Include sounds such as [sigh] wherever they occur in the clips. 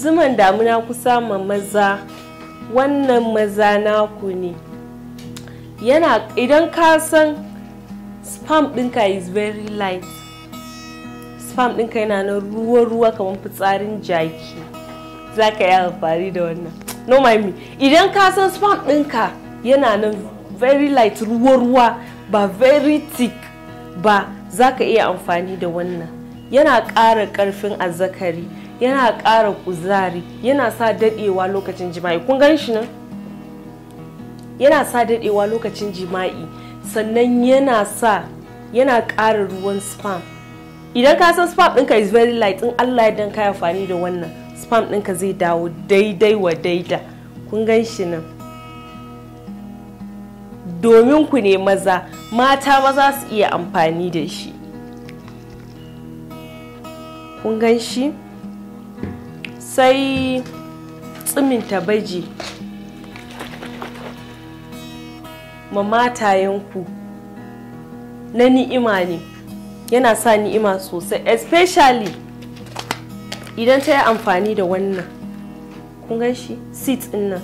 zuman damuna kusa ma maza wannan maza naku ne yana idan ka san spam ɗinka is very light spam ɗinka yana na ruwa-ruwa kamar fitsarin jaki za ka yi amfani da wannan no me idan ka san spam ɗinka yana na very light ruwa-ruwa ba very thick ba za ka iya amfani da wannan yana ƙara ƙarfin azzakari yana ƙara kuzari yana sa daɗewa lokacin jima'i kun gan shi nan yana sa daɗewa lokacin jima'i sannan yana sa yana ƙara ruwan spam idan ka san spam ɗinka is very light in Allah ya dan ka amfani da wannan spam ɗinka zai dawo daidai wa daida kun gan shi nan domin ku ne maza mata maza su iya amfani da shi kun gan shi sai tsimin tabaji ma matayenku na ni'ima ne yana sa ni'ima sosai especially idan ta yi amfani da wannan kun gan shi seat din nan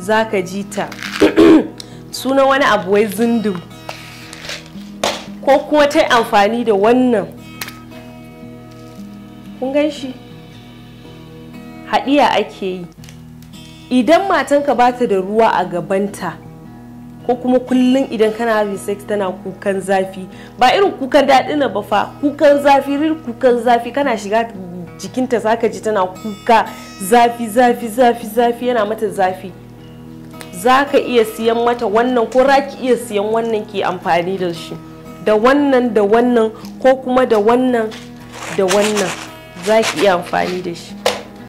za ka ji ta [clears throat] suna wani abu wai zindin ko kuma ta yi amfani da wannan kun gan shi haɗiya ake yi idan matanka ba ta da ruwa a gabanta ko kuma kullum idan kana having sex tana kukan zafi ba irin kukan daɗi na ba fa kukan zafi rir kukan zafi kana shiga jikinta zaka ji tana kuka zafi zafi zafi zafi yana mata zafi za ka iya siyan mata wannan ko raki iya siyan wannan ke amfani da shi da wannan da wannan ko kuma da wannan da wannan za ki iya amfani da shi